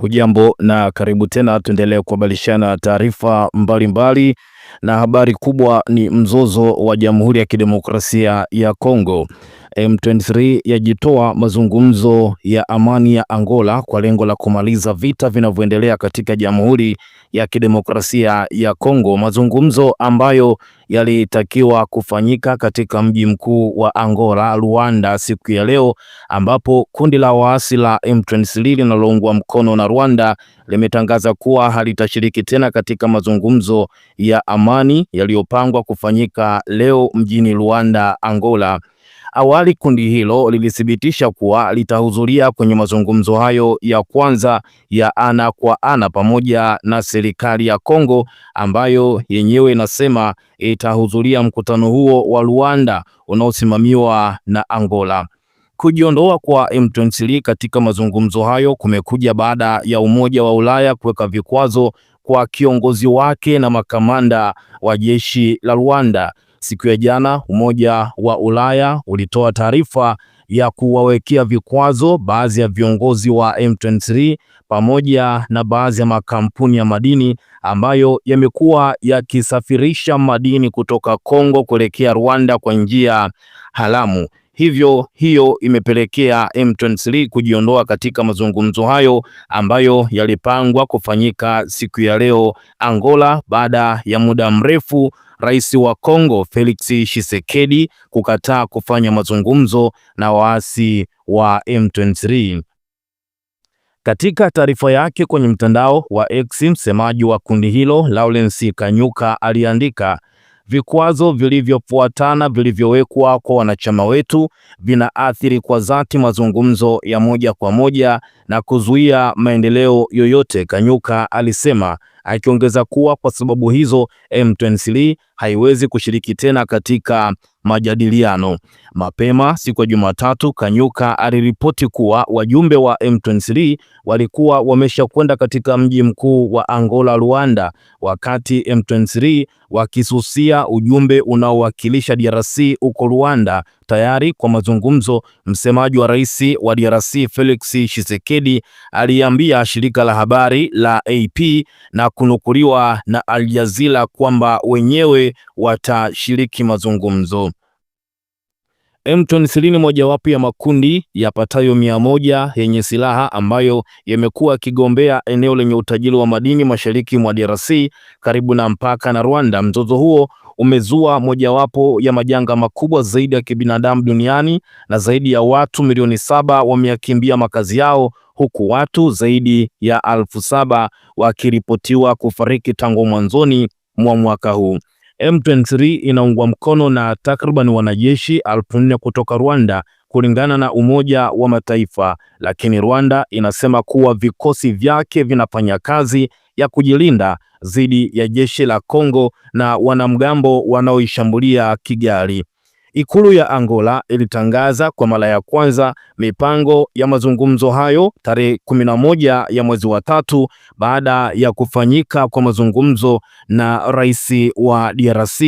Hujambo na karibu tena, tuendelee kuhabarishana taarifa mbalimbali na habari kubwa ni mzozo wa Jamhuri ya Kidemokrasia ya Kongo. M23 yajitoa mazungumzo ya amani ya Angola kwa lengo la kumaliza vita vinavyoendelea katika Jamhuri ya Kidemokrasia ya Kongo, mazungumzo ambayo yalitakiwa kufanyika katika mji mkuu wa Angola, Luanda, siku ya leo, ambapo kundi la waasi la M23 linaloungwa mkono na Rwanda limetangaza kuwa halitashiriki tena katika mazungumzo ya amani yaliyopangwa kufanyika leo mjini Luanda, Angola. Awali kundi hilo lilithibitisha kuwa litahudhuria kwenye mazungumzo hayo ya kwanza ya ana kwa ana pamoja na serikali ya Kongo ambayo yenyewe inasema itahudhuria mkutano huo wa Luanda unaosimamiwa na Angola. Kujiondoa kwa M23 katika mazungumzo hayo kumekuja baada ya Umoja wa Ulaya kuweka vikwazo kwa kiongozi wake na makamanda wa jeshi la Rwanda. Siku ya jana, Umoja wa Ulaya ulitoa taarifa ya kuwawekea vikwazo baadhi ya viongozi wa M23 pamoja na baadhi ya makampuni ya madini ambayo yamekuwa yakisafirisha madini kutoka Kongo kuelekea Rwanda kwa njia haramu. Hivyo hiyo imepelekea M23 kujiondoa katika mazungumzo hayo ambayo yalipangwa kufanyika siku ya leo Angola, baada ya muda mrefu Rais wa Kongo Felix Tshisekedi kukataa kufanya mazungumzo na waasi wa M23. Katika taarifa yake kwenye mtandao wa X, msemaji wa kundi hilo Lawrence Kanyuka aliandika Vikwazo vilivyofuatana vilivyowekwa kwa wanachama wetu vinaathiri kwa dhati mazungumzo ya moja kwa moja na kuzuia maendeleo yoyote, Kanyuka alisema, akiongeza kuwa kwa sababu hizo M23 haiwezi kushiriki tena katika majadiliano. Mapema siku ya Jumatatu, Kanyuka aliripoti kuwa wajumbe wa M23 walikuwa wameshakwenda katika mji mkuu wa Angola, Luanda, wakati M23 wakisusia ujumbe unaowakilisha DRC uko Rwanda tayari kwa mazungumzo. Msemaji wa rais wa DRC Felix Tshisekedi aliambia shirika la habari la AP na kunukuliwa na Al Jazeera kwamba wenyewe watashiriki mazungumzo. M23 mojawapo ya makundi yapatayo mia moja yenye silaha ambayo yamekuwa yakigombea eneo lenye utajiri wa madini mashariki mwa DRC karibu na mpaka na Rwanda. Mzozo huo umezua mojawapo ya majanga makubwa zaidi ya kibinadamu duniani na zaidi ya watu milioni saba wameyakimbia makazi yao huku watu zaidi ya alfu saba wakiripotiwa kufariki tangu mwanzoni mwa mwaka huu. M23 inaungwa mkono na takriban wanajeshi elfu nne kutoka Rwanda kulingana na Umoja wa Mataifa, lakini Rwanda inasema kuwa vikosi vyake vinafanya kazi ya kujilinda dhidi ya jeshi la Kongo na wanamgambo wanaoishambulia Kigali. Ikulu ya Angola ilitangaza kwa mara ya kwanza mipango ya mazungumzo hayo tarehe moja ya mwezi wa tatu baada ya kufanyika kwa mazungumzo na Rais wa DRC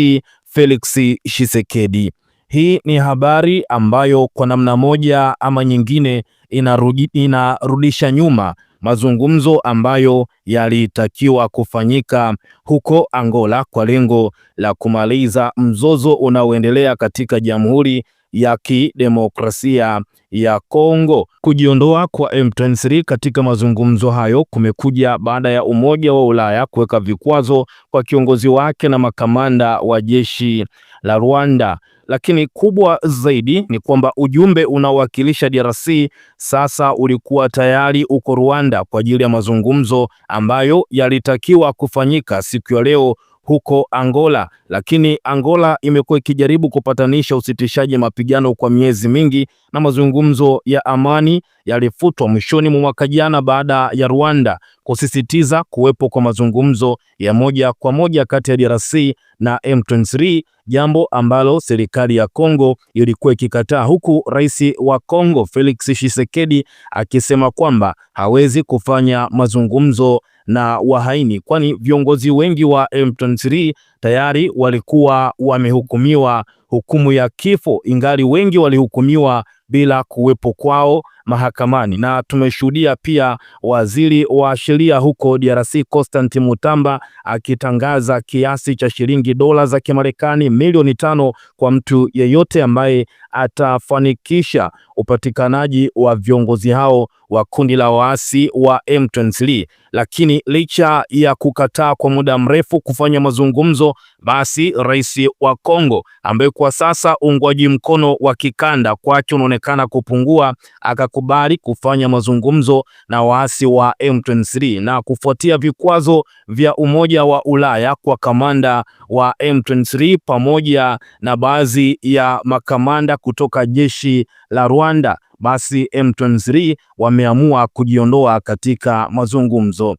Felix Tshisekedi. Hii ni habari ambayo kwa namna moja ama nyingine inarudi, inarudisha nyuma mazungumzo ambayo yalitakiwa kufanyika huko Angola kwa lengo la kumaliza mzozo unaoendelea katika Jamhuri ya Kidemokrasia ya Kongo. Kujiondoa kwa M23 katika mazungumzo hayo kumekuja baada ya Umoja wa Ulaya kuweka vikwazo kwa kiongozi wake na makamanda wa jeshi la Rwanda. Lakini kubwa zaidi ni kwamba ujumbe unaowakilisha DRC sasa ulikuwa tayari uko Rwanda kwa ajili ya mazungumzo ambayo yalitakiwa kufanyika siku ya leo huko Angola, lakini Angola imekuwa ikijaribu kupatanisha usitishaji mapigano kwa miezi mingi na mazungumzo ya amani yalifutwa mwishoni mwa mwaka jana baada ya Rwanda kusisitiza kuwepo kwa mazungumzo ya moja kwa moja kati ya DRC na M23, jambo ambalo serikali ya Kongo ilikuwa ikikataa, huku rais wa Kongo Felix Tshisekedi akisema kwamba hawezi kufanya mazungumzo na wahaini, kwani viongozi wengi wa M23 tayari walikuwa wamehukumiwa hukumu ya kifo, ingali wengi walihukumiwa bila kuwepo kwao mahakamani. Na tumeshuhudia pia waziri wa sheria huko DRC Constant Mutamba akitangaza kiasi cha shilingi dola za Kimarekani milioni tano kwa mtu yeyote ambaye atafanikisha upatikanaji wa viongozi hao wa kundi la waasi wa M23, lakini licha ya kukataa kwa muda mrefu kufanya mazungumzo, basi rais wa Kongo ambaye kwa sasa uungwaji mkono wa kikanda kwake unaonekana kupungua, akakubali kufanya mazungumzo na waasi wa M23 na kufuatia vikwazo vya Umoja wa Ulaya kwa kamanda wa M23 pamoja na baadhi ya makamanda kutoka jeshi la Rwanda basi M23 wameamua kujiondoa katika mazungumzo.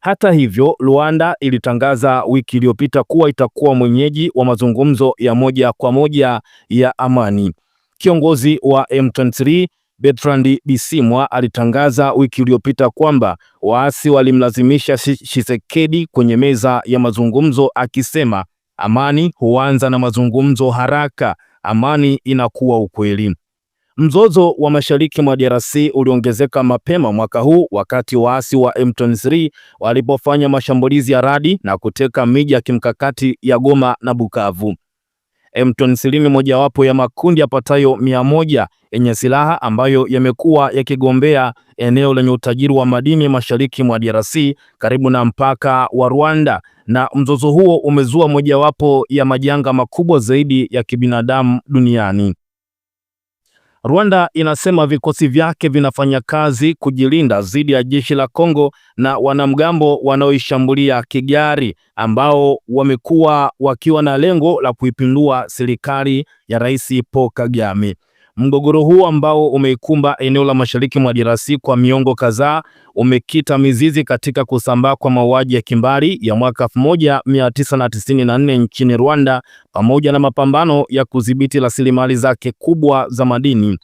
Hata hivyo, Rwanda ilitangaza wiki iliyopita kuwa itakuwa mwenyeji wa mazungumzo ya moja kwa moja ya amani. Kiongozi wa M23 Bertrand Bisimwa alitangaza wiki iliyopita kwamba waasi walimlazimisha Tshisekedi kwenye meza ya mazungumzo, akisema amani huanza na mazungumzo haraka, amani inakuwa ukweli. Mzozo wa mashariki mwa DRC uliongezeka mapema mwaka huu wakati waasi wa M23 walipofanya mashambulizi ya radi na kuteka miji ya kimkakati ya Goma na Bukavu. M23 ni mojawapo ya makundi yapatayo mia moja yenye silaha ambayo yamekuwa yakigombea eneo lenye utajiri wa madini mashariki mwa DRC karibu na mpaka wa Rwanda, na mzozo huo umezua mojawapo ya majanga makubwa zaidi ya kibinadamu duniani. Rwanda inasema vikosi vyake vinafanya kazi kujilinda dhidi ya jeshi la Kongo na wanamgambo wanaoishambulia Kigali ambao wamekuwa wakiwa na lengo la kuipindua serikali ya Rais Paul Kagame. Mgogoro huu ambao umeikumba eneo la mashariki mwa DRC kwa miongo kadhaa umekita mizizi katika kusambaa kwa mauaji ya kimbari ya mwaka 1994 nchini Rwanda pamoja na mapambano ya kudhibiti rasilimali zake kubwa za madini.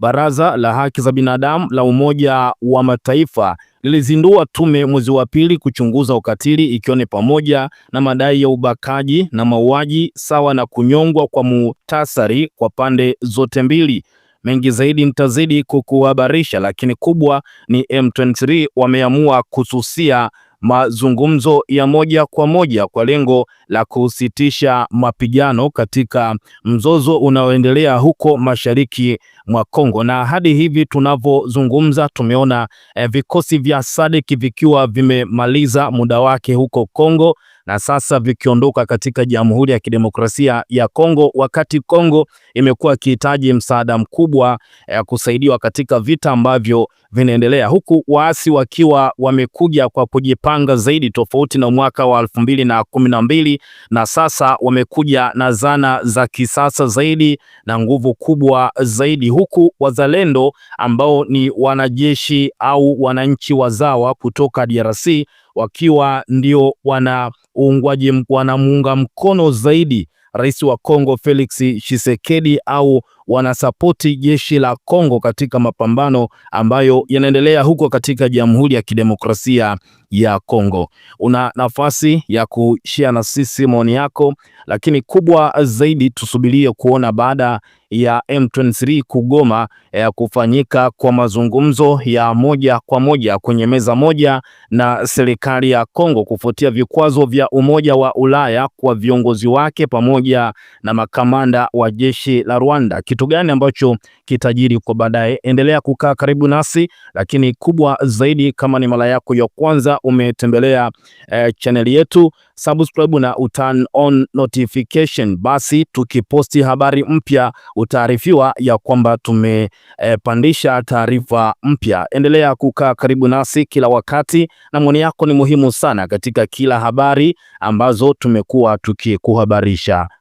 Baraza la Haki za Binadamu la Umoja wa Mataifa lilizindua tume mwezi wa pili kuchunguza ukatili ikiwa ni pamoja na madai ya ubakaji na mauaji sawa na kunyongwa kwa muhtasari kwa pande zote mbili. Mengi zaidi nitazidi kukuhabarisha, lakini kubwa ni M23 wameamua kususia mazungumzo ya moja kwa moja kwa lengo la kusitisha mapigano katika mzozo unaoendelea huko mashariki mwa Kongo. Na hadi hivi tunavyozungumza, tumeona eh, vikosi vya SADC vikiwa vimemaliza muda wake huko Kongo na sasa vikiondoka katika Jamhuri ya Kidemokrasia ya Kongo, wakati Kongo imekuwa ikihitaji msaada mkubwa ya eh, kusaidiwa katika vita ambavyo vinaendelea, huku waasi wakiwa wamekuja kwa kujipanga zaidi tofauti na mwaka wa elfu mbili na kumi na mbili na sasa wamekuja na zana za kisasa zaidi na nguvu kubwa zaidi, huku wazalendo ambao ni wanajeshi au wananchi wazawa kutoka DRC wakiwa ndio wana uungwaji wanamuunga mkono zaidi rais wa Kongo Felix Tshisekedi au wanasapoti jeshi la Kongo katika mapambano ambayo yanaendelea huko katika Jamhuri ya Kidemokrasia ya Kongo. Una nafasi ya kushare na sisi maoni yako, lakini kubwa zaidi tusubirie kuona baada ya M23 kugoma ya eh, kufanyika kwa mazungumzo ya moja kwa moja kwenye meza moja na serikali ya Kongo kufuatia vikwazo vya Umoja wa Ulaya kwa viongozi wake pamoja na makamanda wa jeshi la Rwanda. Kitu gani ambacho kitajiri kwa baadaye? Endelea kukaa karibu nasi, lakini kubwa zaidi, kama ni mara yako ya kwanza umetembelea eh, chaneli yetu subscribe na uturn on notification, basi tukiposti habari mpya utaarifiwa ya kwamba tumepandisha e, taarifa mpya. Endelea kukaa karibu nasi kila wakati, na maoni yako ni muhimu sana katika kila habari ambazo tumekuwa tukikuhabarisha.